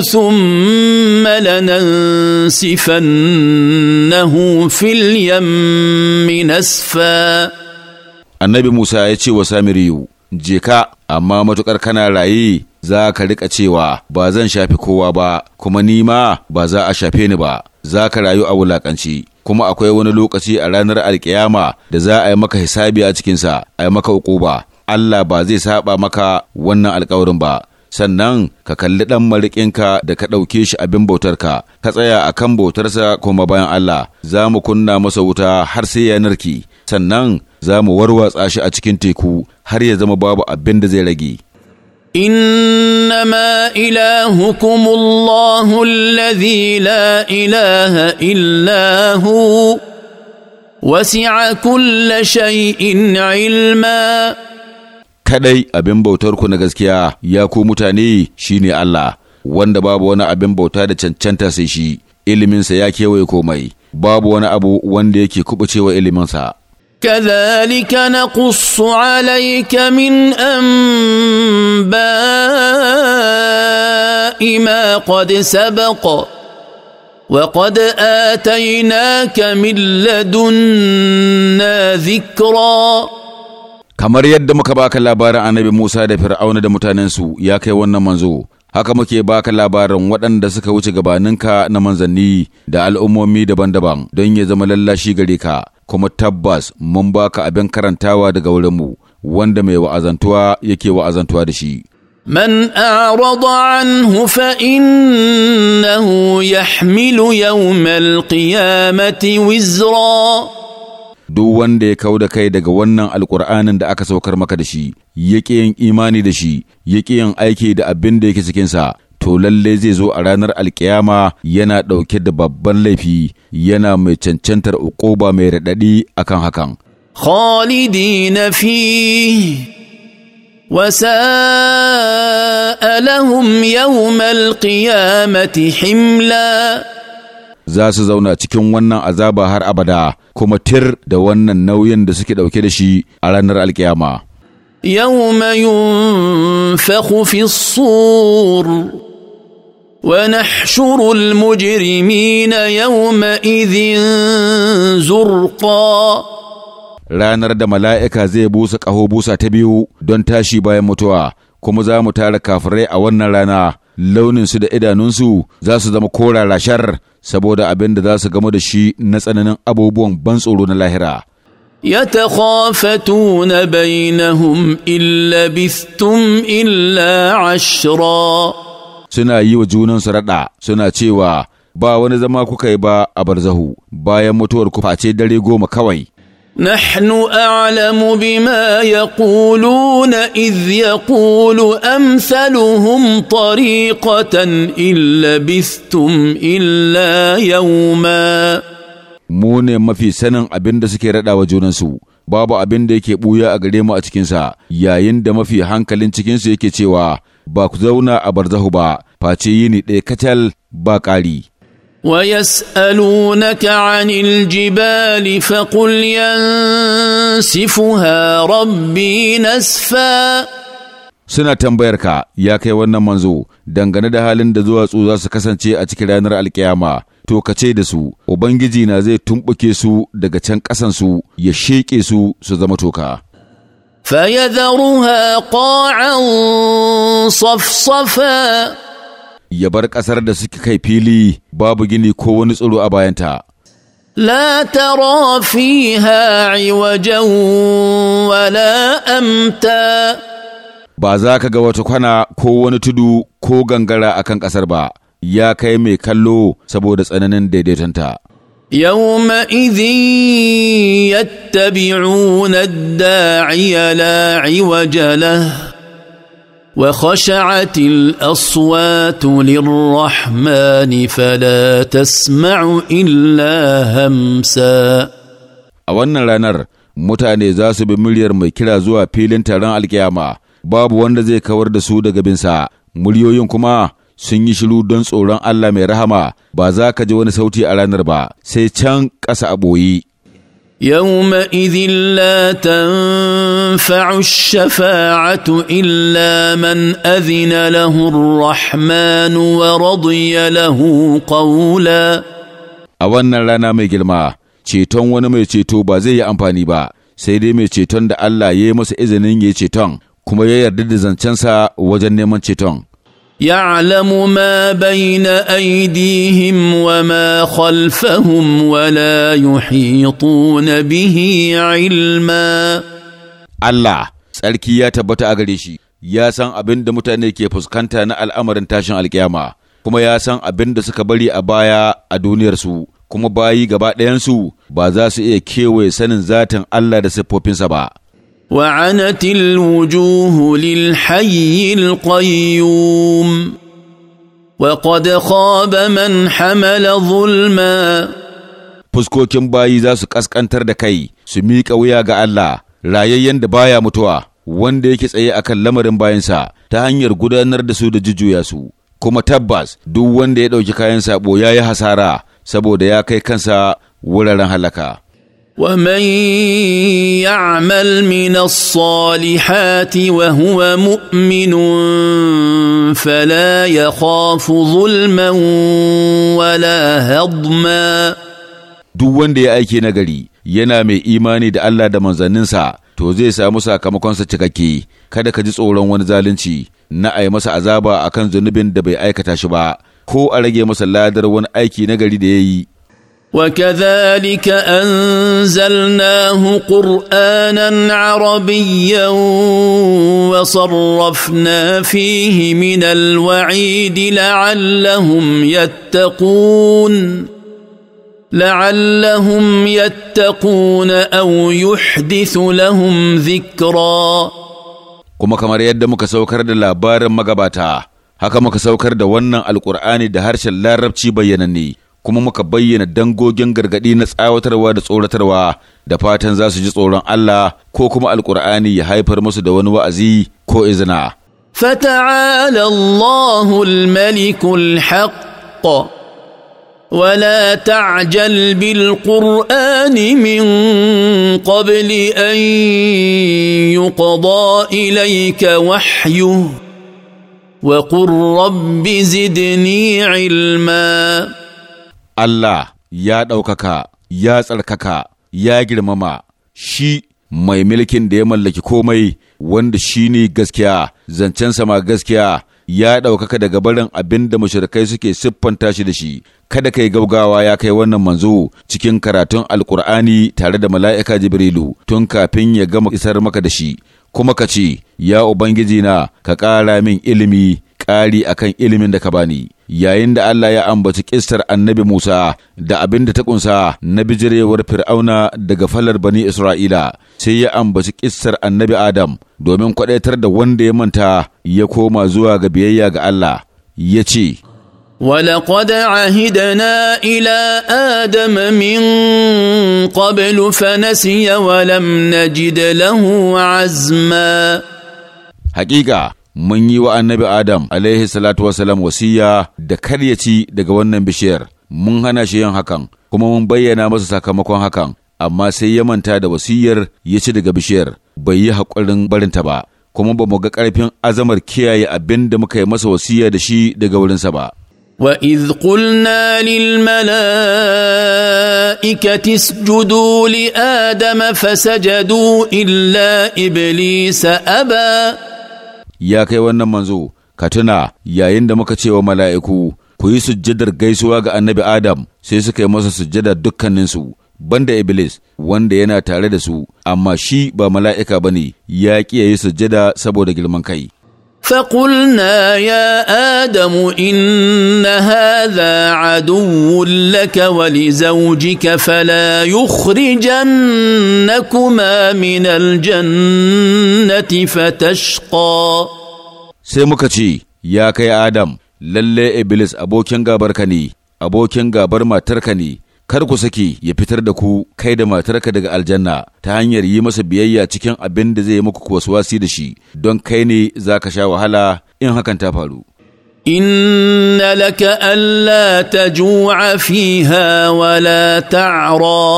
ثم لننسفنه في اليم نسفا النبي موسى يتشي وسامريو je ka amma matukar kana raye za ka riƙa cewa ba zan shafi kowa ba kuma ni ma ba za a shafe ni ba za ka rayu a wulakanci kuma akwai wani lokaci a ranar alkiyama da za a yi maka hisabi a cikinsa a yi maka ukuba Allah ba zai saba maka wannan alkawarin ba sannan ka kalli ɗan mariƙinka da ka ɗauke shi abin bautarka ka tsaya a kan bautarsa kuma bayan Allah za mu kunna masa wuta har sai ya narki sannan za mu warwatsa shi a cikin teku har ya zama babu abin da zai rage. innama إلهكم الله la ilaha illahu, wasi'a هو وسع كل kadai abin bautarku na gaskiya ya ku mutane shine Allah wanda babu wani abin bauta da cancanta sai shi iliminsa ya kewaye komai babu wani abu wanda yake kubucewa iliminsa كذلك نقص عليك من انباء ما قد سبق وقد اتيناك من لدنا ذكرا kamar yadda muka baka labarin annabi Musa da Fir'auna da mutanensu ya kai wannan manzo haka muke baka labarin waɗanda suka wuce gabaninka na manzanni da al'ummomi daban-daban don ya zama lallashi gare ka kuma tabbas mun baka abin karantawa daga wurinmu wanda mai wa'azantuwa yake wa'azantuwa da shi. من أعرض عنه فإنه يحمل يوم القيامة وزرا duk wanda ya kau da kai daga wannan Alƙur'anin da aka saukar maka da shi, yake yin imani da shi, yake yin aiki da abin da yake cikinsa, to lalle zai zo a ranar alkiyama yana ɗauke da babban laifi yana mai cancantar uƙoba mai raɗaɗi akan hakan. خالدين فيه وساء لهم يوم القيامة himla. za su zauna cikin wannan azaba har abada kuma tir da wannan nauyin da suke ɗauke da shi a ranar alkiyama. يوم ينفخ fi الصور ونحشر المجرمين يومئذ زرقا ranar da mala'ika zai busa ƙaho busa ta biyu don tashi bayan mutuwa, kuma za mu tara kafirai a wannan rana, launinsu da idanunsu za su zama korara shar saboda abin da za su gamu da shi na tsananin abubuwan ban tsoro na lahira. يتخافتون بينهم illa لبثتم illa عشرًا suna yi wa junansu raɗa suna cewa ba wani zama kuka yi ba a barzahu bayan mutuwar ku face dare goma kawai nahnu a'lamu bima يقولون اذ يقول امثلهم طريقه illa لبثتم illa يوما mu ne mafi sanin abin da suke raɗa wa junansu babu abin da yake ɓuya a gare mu a cikinsa yayin da mafi hankalin cikinsu yake cewa ba ku zauna a barzahu ba face yini ɗaya kacal ba ƙari ويسالونك عن الجبال فقل ha rabbi nasfa. suna tambayarka ya kai wannan manzo dangane da halin da duwatsu za su kasance a cikin ranar alkiyama to ka ce da su ubangiji na zai tumɓuke su daga can ƙasansu ya sheƙe su su zama toka فيذرها قاعا صفصفا ya bar ƙasar da suke kai fili babu gini ko wani tsoro a bayanta. La tara fiha wajen wala amta. Ba za ka ga wata kwana ko wani tudu ko gangara a kan ƙasar ba, ya kai mai kallo saboda tsananin daidaitonta. يومئذ يتبعون الداعي لا عوج له وخشعت الاصوات للرحمن فلا تسمع الا همسا a wannan ranar mutane za su bi muryar mai kira zuwa filin taron alkiyama babu wanda zai kawar da su daga binsa muryoyin kuma sun yi shiru don tsoron Allah mai rahama ba za ka ji wani sauti a ranar ba sai can ƙasa a ɓoyi. يومئذ لا shafa'atu illa man من أذن Rahmanu wa ورضي له قولا a wannan rana mai girma ceton wani mai ceto ba zai yi amfani ba sai dai mai ceton da Allah ya yi masa izinin ya ceton kuma ya yarda da zancensa wajen neman ceton يعلم ما بين ايديهم وما خلفهم ولا يحيطون به علما الله tsarki ya tabbata a gare shi ya san abin da mutane ke fuskanta na al'amarin tashin alkiyama kuma ya san abin da suka bari a baya a duniyarsu kuma bayi gaba ɗayansu ba za su iya kewaye sanin zatin Allah da siffofinsa ba وعنت الوجوه للحي القيوم وقد خاب من حمل ظلما fuskokin bayi za su ƙasƙantar da kai su miƙa wuya ga Allah rayayyen da baya mutuwa wanda yake tsaye a kan lamarin bayansa ta hanyar gudanar da su da jujjuya su kuma tabbas duk wanda ya ɗauki kayan saɓo ya yi hasara saboda ya kai kansa wuraren halaka. ومن يعمل من الصالحات وهو مؤمن فلا يخاف ظلما ولا هضما duk wanda ya aiki nagari yana mai imani da Allah da manzanninsa to zai samu sakamakon sa cikakke kada ka ji tsoron wani zalunci na a yi masa azaba akan zunubin da bai aikata shi ba ko a rage masa ladar wani aiki nagari da ya yi وكذلك انزلناه قرانا عربيا وصرفنا فيه من الوعيد لعلهم يتقون لعلهم يتقون او يحدث لهم ذكرا kuma kamar yadda muka saukar da labarin magabata haka muka saukar da wannan alkur'ani da harshen larabci bayyananne kuma muka bayyana dangogin gargaɗi na tsawatarwa da tsoratarwa da fatan za su ji tsoron Allah ko kuma alkur'ani ya haifar musu da wani wa'azi ko izina. فتعالى الله الملك wala ولا تعجل بالقران من قبل ان يقضى اليك وحيه وقل رب زدني علما Allah ya ɗaukaka, ya tsarkaka, ya girmama, shi mai mulkin da ya mallaki komai wanda shi ne gaskiya, zancensa ma gaskiya, ya ɗaukaka daga barin abin da mashirkai suke siffanta shi da shi, kada kai gaugawa ya kai wannan manzo cikin karatun alkur'ani tare da mala'ika Jibrilu tun kafin ya gama isar maka da shi, kuma ka ce, Ya Ubangiji na, ka ƙara min ilimi ƙari a kan ilimin da ka bani yayin da Allah ya ambaci ƙistar annabi Musa da abin da ta ƙunsa na bijirewar Fir'auna daga falar Bani Isra'ila sai ya ambaci ƙistar annabi Adam domin kwaɗaitar da wanda ya manta ya koma zuwa ga biyayya ga Allah ya ce ولقد عهدنا الى ادم من قبل فنسي ولم نجد له عزما mun yi wa annabi Adam alaihi salatu wasalam wasiya da kar ya ci daga wannan bishiyar, mun hana shi yin hakan, kuma mun bayyana masa sakamakon hakan, amma sai ya manta da wasiyar ya ci daga bishiyar, bai yi haƙurin barinta ba, kuma ba mu ga ƙarfin azamar kiyaye abin da muka yi masa wasiya da shi daga wurinsa ba. واذ قلنا للملائكه اسجدوا لادم فسجدوا الا ابليس ابى ya kai wannan manzo ka tuna yayin da muka ce wa mala'iku ku yi sujjadar gaisuwa ga annabi Adam sai suka yi masa sujjada dukkaninsu banda Iblis wanda yana tare da su amma shi ba mala'ika ba ne ya ƙi sujjada saboda girman kai. فقلنا يا ادم ان هذا عدو لك ولزوجك فلا يخرجنكما من الجنه فتشقى sai muka ce ya kai adam lalle iblis abokin gabarka ne abokin gabar matarka ne kar ku saki ya fitar da ku kai da matarka daga aljanna ta hanyar yi masa biyayya cikin abin da zai muku wasi da shi don kai ne za ka sha wahala in hakan ta faru. Inna laka Allah ta ju'a fiha wala ta'ra.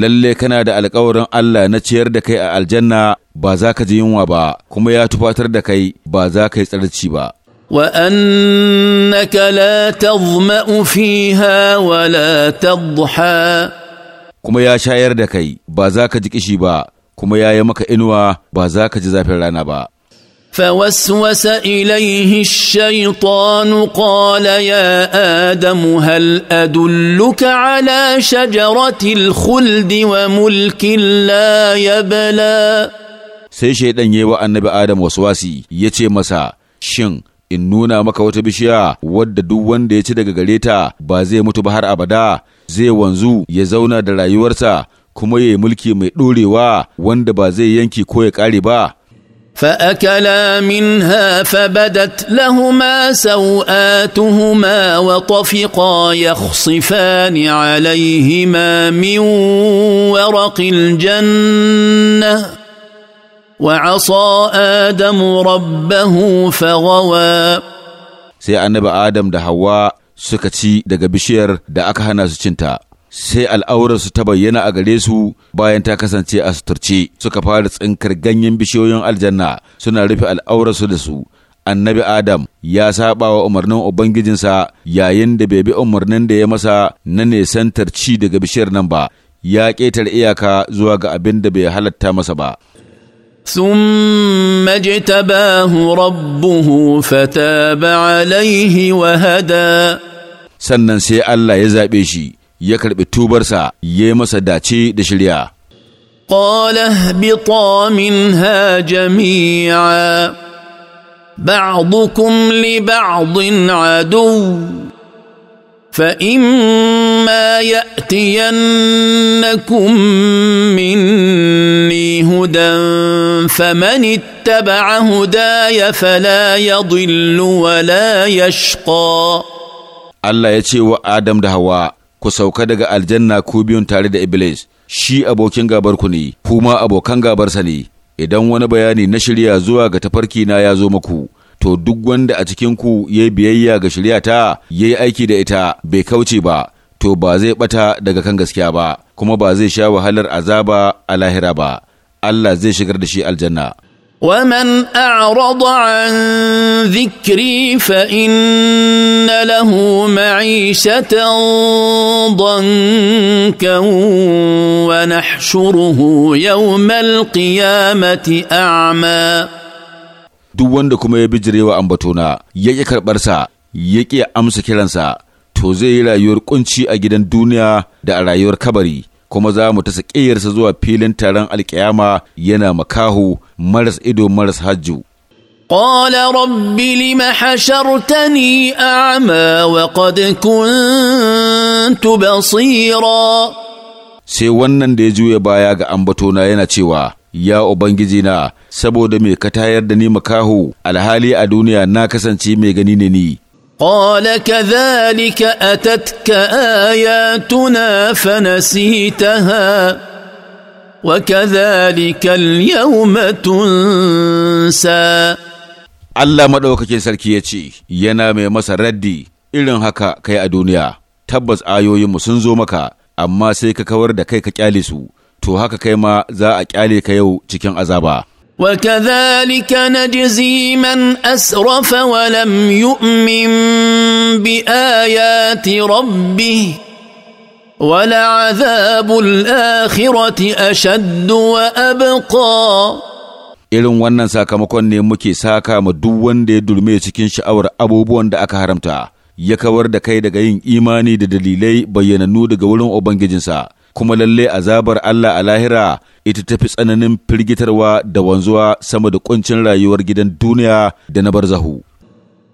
Lalle kana da alkawarin Allah na ciyar da kai a aljanna ba za ka ji yunwa ba, kuma ya tufatar da kai ba za ka yi tsarci ba. وانك لا تظما فيها ولا تضحى kuma ya shayar da kai ba za ka ji kishi ba kuma ya yi maka inuwa ba za ka ji zafin rana ba فوسوس اليه الشيطان قال يا ادم هل ادلك على شجره الخلد وملك لا يبلى sai shaidan yayi wa annabi adam waswasi ce masa shin in nuna maka wata bishiya wadda duk wanda ya ci daga gare ta ba zai mutu ba har abada zai wanzu ya zauna da rayuwarsa kuma ya yi mulki mai ɗorewa wanda ba zai yanki ko ya ƙare ba. فأكلا منها فبدت لهما سوآتهما وطفقا يخصفان عليهما من ورق الجنة وعصى آدم ربه فغوى sai annabi Adam da Hauwa suka ci daga bishiyar da aka hana su cinta sai al'aurarsu ta bayyana a gare su bayan ta kasance a suturce suka fara tsinkar ganyen bishiyoyin aljanna suna rufe al'aurarsu da su annabi Adam ya saba wa umarnin Ubangijinsa yayin da ba bi umarnin da ya masa na nesantar ci daga bishiyar nan ba, ya ƙetare iyaka zuwa ga abin da bai halatta masa ba. ثم اجتباه ربه فتاب عليه wahada? sannan sai Allah ya zaɓe shi ya karɓi tubarsa ya yi masa dace da shirya. Ƙola bita min ha jami'a, ba'dukum li ba'din adu. فإما يأتينكم مني هدى فمن اتبع هداي فلا يضل ولا يشقى Allah ya ce wa Adam da Hawa, Ku sauka daga aljanna ku biyun tare da Iblis, shi abokin gabarku ne, kuma abokan gabarsa ne, idan wani bayani na shirya zuwa ga tafarki na ya zo muku. to duk wanda a cikinku ya yi biyayya ga ta, ya yi aiki da ita bai kauce ba to ba zai bata daga kan gaskiya ba kuma ba zai sha wahalar azaba a lahira ba Allah zai shigar da shi aljanna ومن اعرض عن ذكري فان له معيشه ضنكا ونحشره يوم القيامه اعمى duk wanda kuma ya bijirewa ambatona ya ƙi karɓarsa ya ƙi amsa kiransa to zai yi rayuwar kunci a gidan duniya da a rayuwar kabari kuma za mu ta saƙiyarsa zuwa filin taron alƙiyama yana makahu maras ido maras hajju قال رب لم حشرتني أعمى وقد كنت بصيرا sai wannan da ya juya baya ga ambatona yana cewa Ya Ubangiji na, saboda me ka tayar da ni makaho, alhali a duniya na kasance mai gani ne ni. قال كذلك اتتك اياتنا فنسيتها yau اليوم تنسى Allah maɗaukakin sarki ya ce, Yana mai masa raddi irin haka kai a duniya, tabbas ayoyinmu sun zo maka, amma sai ka kawar da kai ka ƙyale su, to haka kai ma za a kyale ka yau cikin azaba. وكذلك نجزي من اسرف ولم يؤمن بايات ربه ولعذاب الاخره اشد وابقى irin wannan sakamakon ne muke saka ma duk wanda ya dulme cikin sha'awar abubuwan da aka haramta ya kawar da kai daga yin imani da dalilai bayyanannu daga wurin ubangijinsa kuma lalle azabar Allah a lahira ita tafi tsananin firgitarwa da wanzuwa sama da kuncin rayuwar gidan duniya da na barzahu.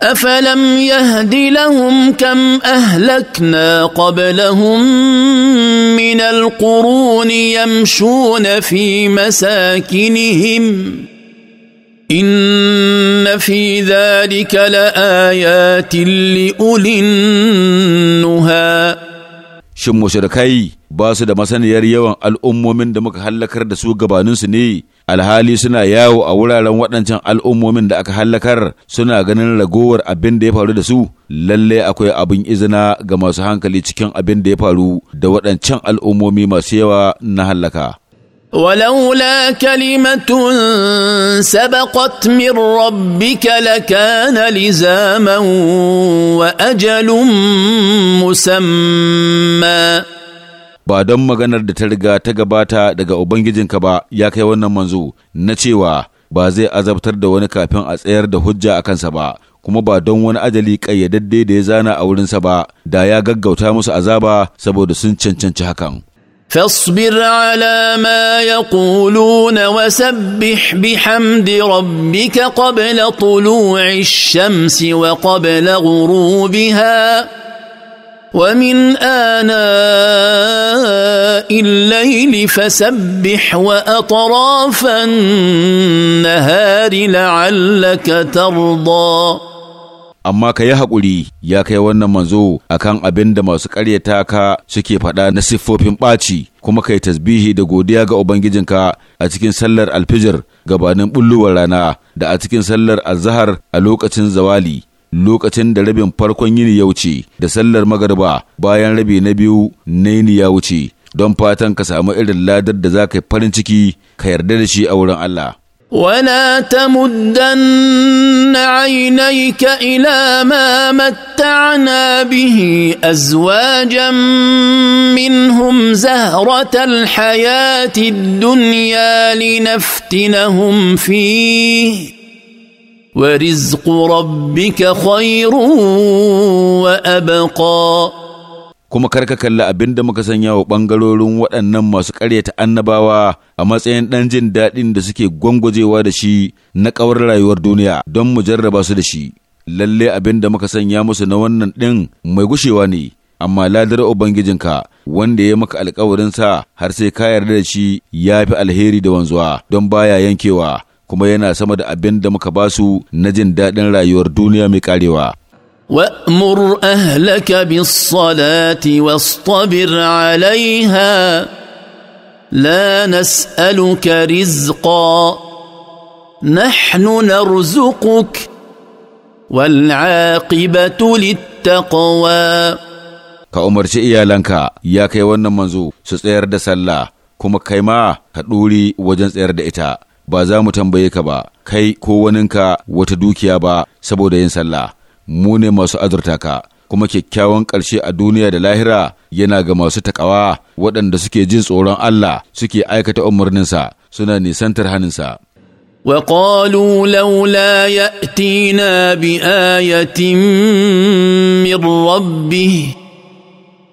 أفلم يهد لهم كم أهلكنا قبلهم من القرون يمشون في مساكنهم إن في ذلك لآيات لأولي النهي shin mushrikai ba su da masaniyar yawan al'ummomin da muka hallakar da su gabaninsu ne alhali suna yawo a wuraren waɗancan al'ummomin da aka hallakar suna ganin ragowar abin da ya faru da su lallai akwai abin izina ga masu hankali cikin abin da ya faru da waɗancan al'ummomi masu yawa na hallaka ولولا كلمة سبقت من ربك لكان لزاما وأجل مسمى ba don maganar da ta riga ta gabata daga Ubangijinka ba ya kai wannan manzo na cewa ba zai azabtar da wani kafin a tsayar da hujja a kansa ba kuma ba don wani ajali ƙayyadadde da ya zana a wurinsa ba da ya gaggauta musu azaba saboda sun cancanci hakan. فاصبر على ما يقولون وسبح بحمد ربك قبل طلوع الشمس وقبل غروبها ومن اناء الليل فسبح واطراف النهار لعلك ترضى amma ka yi haƙuri ya kai wannan manzo a kan abin da masu ƙaryata ka suke faɗa na siffofin ɓaci kuma ka yi tasbihi da godiya ga ubangijinka a cikin sallar alfijir gabanin bulluwar rana da a cikin sallar azahar a lokacin zawali lokacin da rabin farkon yini ya wuce da sallar magarba bayan rabi na biyu na yini ya wuce don fatan ka samu irin ladar da za ka yi farin ciki ka yarda da shi a wurin Allah ولا تمدن عينيك الى ما متعنا به ازواجا منهم زهره الحياه الدنيا لنفتنهم فيه ورزق ربك خير وابقى kuma karka kalli abin da muka sanya wa bangarorin waɗannan masu ƙaryata annabawa a matsayin ɗan jin daɗin da suke gwangwajewa da shi na ƙawar rayuwar duniya don mu jarraba su da shi. Lalle abin da muka sanya musu na wannan ɗin mai gushewa ne, amma ladar Ubangijinka wanda ya maka alkawarinsa har sai ka yarda da shi ya fi alheri da wanzuwa don baya yankewa kuma yana sama da abin da muka basu na jin daɗin rayuwar duniya mai ƙarewa. وامر اهلك بالصلاه واصطبر عليها لا نسالك رزقا نحن نرزقك والعاقبه للتقوى ka umarci iyalanka ya kai wannan manzo su tsayar da sallah kuma kai ma ka ɗuri wajen tsayar da ita ba za mu tambaye ka ba kai ko waninka wata dukiya ba saboda yin sallah mu ne masu azurta ka kuma kyakkyawan ƙarshe a duniya da lahira yana ga masu taƙawa waɗanda suke jin tsoron Allah suke aikata umarninsa suna nisantar haninsa. وقالوا لولا يأتينا بآية من ربه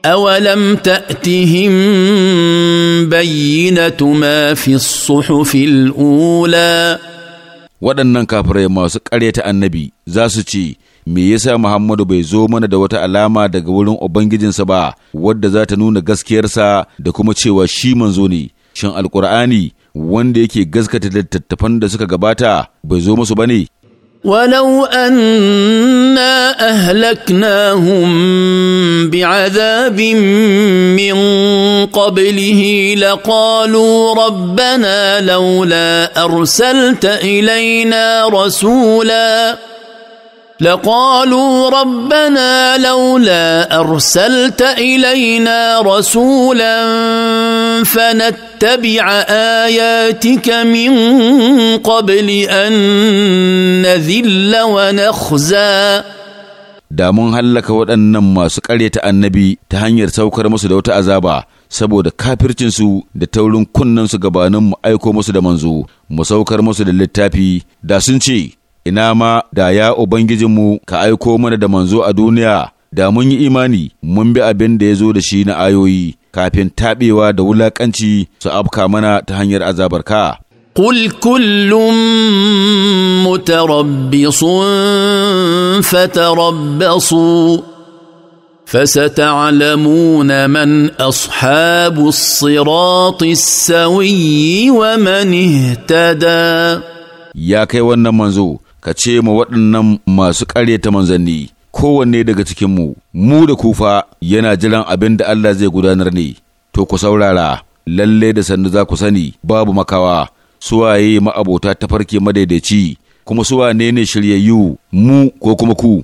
أولم تأتهم بينة ما في الصحف الأولى waɗannan kafirai masu ta annabi za su ce me yasa Muhammadu bai zo mana da wata alama daga wurin Ubangijinsa ba wadda za ta nuna gaskiyarsa da kuma cewa shi manzo ne shin alkur'ani wanda yake gaskata littattafan da suka gabata bai zo musu bane ولو انا اهلكناهم بعذاب من قبله لقالوا ربنا لولا ارسلت ilaina rasula. لقالوا ربنا لولا ارسلت الينا رسولا فنتبع اياتك من قبل ان نذل ونخزى da mun hallaka waɗannan masu ƙaryata annabi ta hanyar saukar musu da wata azaba saboda kafircinsu da taurin kunnensu gabanin mu aiko musu da manzo mu saukar musu da littafi da sun ce ina ma da ya Ubangijinmu ka aiko mana da manzo a duniya, da mun yi imani mun bi abin da ya zo da shi na ayoyi kafin taɓewa da wulaƙanci su afka mana ta hanyar azabarka. قل كل متربص فتربصوا فستعلمون من اصحاب الصراط السوي ومن اهتدى يا كي wannan manzo ka ce ma waɗannan masu ta manzanni kowanne daga cikinmu mu da kufa yana jiran abin da Allah zai gudanar ne to ku saurara lalle da sannu za ku sani babu makawa suwaye ma'abota ta farke madaidaici kuma suwa ne ne shiryayyu mu ko kuma ku